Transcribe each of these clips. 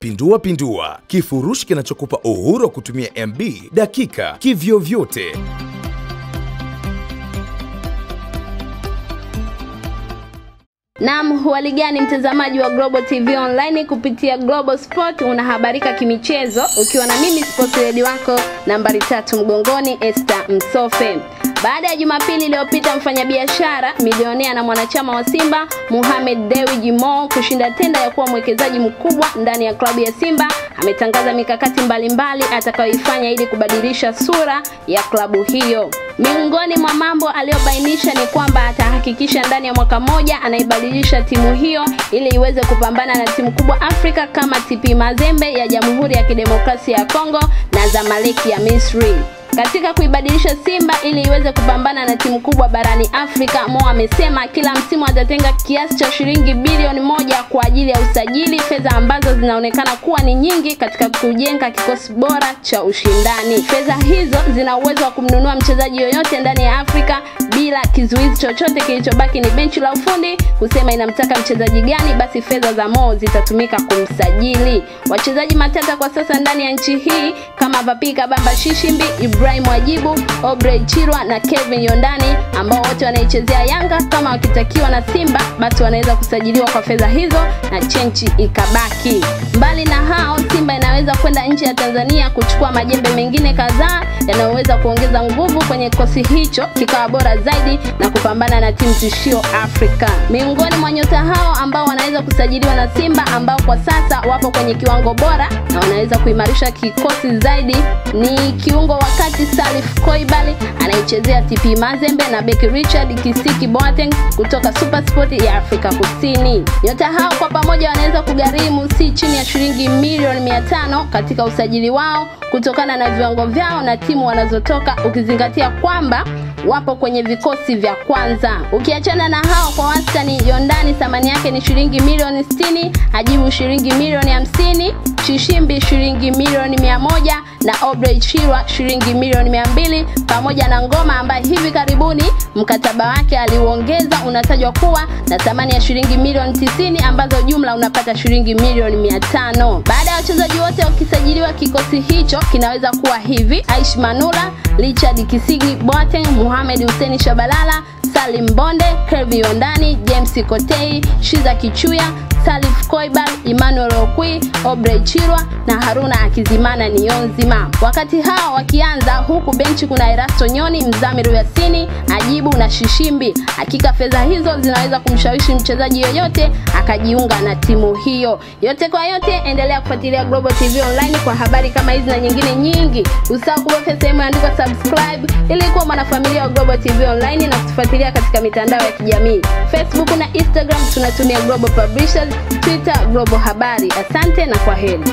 pindua pindua, kifurushi kinachokupa uhuru wa kutumia MB dakika kivyovyote. nam huhali gani mtazamaji wa Global TV Online? Kupitia Global Sport unahabarika kimichezo ukiwa na mimi sports wako nambari tatu mgongoni Esther Msofe. Baada ya Jumapili iliyopita mfanyabiashara milionea na mwanachama wa Simba Mohamed Dewji Mo kushinda tenda ya kuwa mwekezaji mkubwa ndani ya klabu ya Simba, ametangaza mikakati mbalimbali atakayoifanya ili kubadilisha sura ya klabu hiyo. Miongoni mwa mambo aliyobainisha ni kwamba atahakikisha ndani ya mwaka mmoja anaibadilisha timu hiyo ili iweze kupambana na timu kubwa Afrika kama TP Mazembe ya Jamhuri ya Kidemokrasia ya Kongo na Zamalek ya Misri katika kuibadilisha Simba ili iweze kupambana na timu kubwa barani Afrika. Mo amesema kila msimu atatenga kiasi cha shilingi bilioni moja kwa ajili ya usajili, fedha ambazo zinaonekana kuwa ni nyingi katika kujenga kikosi bora cha ushindani. Fedha hizo zina uwezo wa kumnunua mchezaji yoyote ndani ya Afrika bila kizuizi chochote. Kilichobaki ni benchi la ufundi kusema inamtaka mchezaji gani, basi fedha za Mo zitatumika kumsajili. Wachezaji matata kwa sasa ndani ya nchi hii kama Papika Bamba Shishimbi Ibu. Ibrahim Wajibu, Obrey Chirwa na Kevin Yondani ambao wote wanaichezea Yanga. Kama wakitakiwa na Simba, basi wanaweza kusajiliwa kwa fedha hizo na chenchi ikabaki. Mbali na hao, Simba inaweza kwenda nje ya Tanzania kuchukua majembe mengine kadhaa yanayoweza kuongeza nguvu kwenye kikosi hicho kikawa bora zaidi na kupambana na timu tishio Afrika. Miongoni mwa nyota hao ambao wanaweza kusajiliwa na Simba ambao kwa sasa wapo kwenye kiwango bora na wanaweza kuimarisha kikosi zaidi ni kiungo wakati Bahati Salif koibali anaichezea TP Mazembe na beki Richard Kisiki Boateng kutoka Sport ya Afrika Kusini. Nyota hao kwa pamoja wanaweza kugharimu si chini ya shilingi milioni tano katika usajili wao kutokana na viwango vyao na timu wanazotoka ukizingatia kwamba wapo kwenye vikosi vya kwanza. Ukiachana na hao, kwa wastani Yondani thamani yake ni shilingi milioni 60, Hajibu shilingi milioni 50, Chishimbi shilingi milioni moja na Obrey Chirwa shilingi milioni mbili pamoja na Ngoma ambaye hivi karibuni mkataba wake aliuongeza unatajwa kuwa na thamani ya shilingi milioni 90 ambazo jumla unapata shilingi milioni tano. Baada ya wachezaji wote wakisajiliwa, kikosi hicho kinaweza kuwa hivi: Aish Manula, Richard Kisigi Boateng, Muhammad Hussein Shabalala, Salim Bonde, Kelvin Ondani, James Kotei, Shiza Kichuya, Salif Koiban, Emmanuel Okwi, Obrey Chirwa na Haruna Akizimana Niyonzima. Wakati hao wakianza, huku benchi kuna Erasto Nyoni, Mzamiru Yasini, Ajibu na Shishimbi. Hakika fedha hizo zinaweza kumshawishi mchezaji yoyote akajiunga na timu hiyo. Yote kwa yote, endelea kufuatilia Global TV Online kwa habari kama hizi na nyingine nyingi. Usahau kubofya sehemu andiko subscribe ili kuwa mwanafamilia wa Global TV Online na kutufuatilia katika mitandao ya kijamii. Facebook na Instagram tunatumia Global Publishers Twitter, Global Habari. Asante na kwa heri.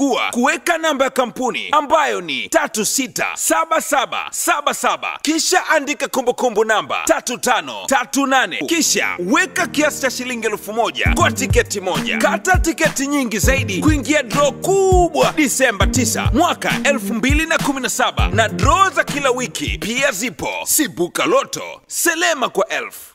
chagua kuweka namba ya kampuni ambayo ni 367777 kisha andika kumbukumbu namba 3538 kisha weka kiasi cha shilingi elfu moja kwa tiketi moja. Kata tiketi nyingi zaidi kuingia draw kubwa Disemba 9 mwaka 2017 na draw za kila wiki pia zipo. Sibuka Loto, selema kwa elfu.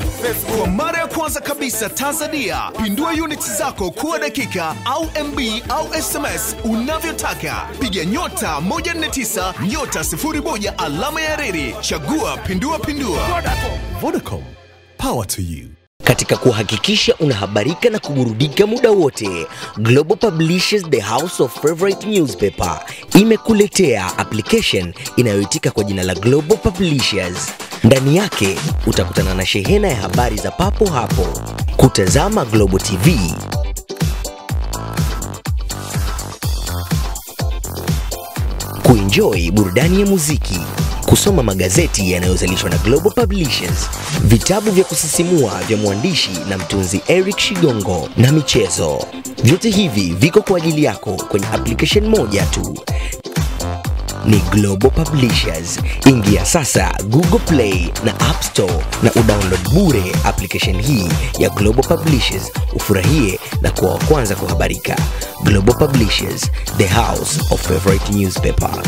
Facebook. Kwa mara ya kwanza kabisa Tanzania, pindua units zako kuwa dakika au MB au SMS unavyotaka. Piga nyota 149 nyota 01 alama ya reli, chagua pindua pindua. Vodacom, power to you katika kuhakikisha unahabarika na kuburudika muda wote, Global Publishers The House of Favorite Newspaper imekuletea application inayoitika kwa jina la Global Publishers. Ndani yake utakutana na shehena ya habari za papo hapo, kutazama Global TV, kuenjoy burudani ya muziki, kusoma magazeti yanayozalishwa na Global Publishers, vitabu vya kusisimua vya mwandishi na mtunzi Eric Shigongo na michezo. Vyote hivi viko kwa ajili yako kwenye application moja tu ni Global Publishers. Ingia sasa Google Play na App Store na udownload bure application hii ya Global Publishers, ufurahie na kuwa wa kwanza kuhabarika. Global Publishers, the house of favorite newspaper.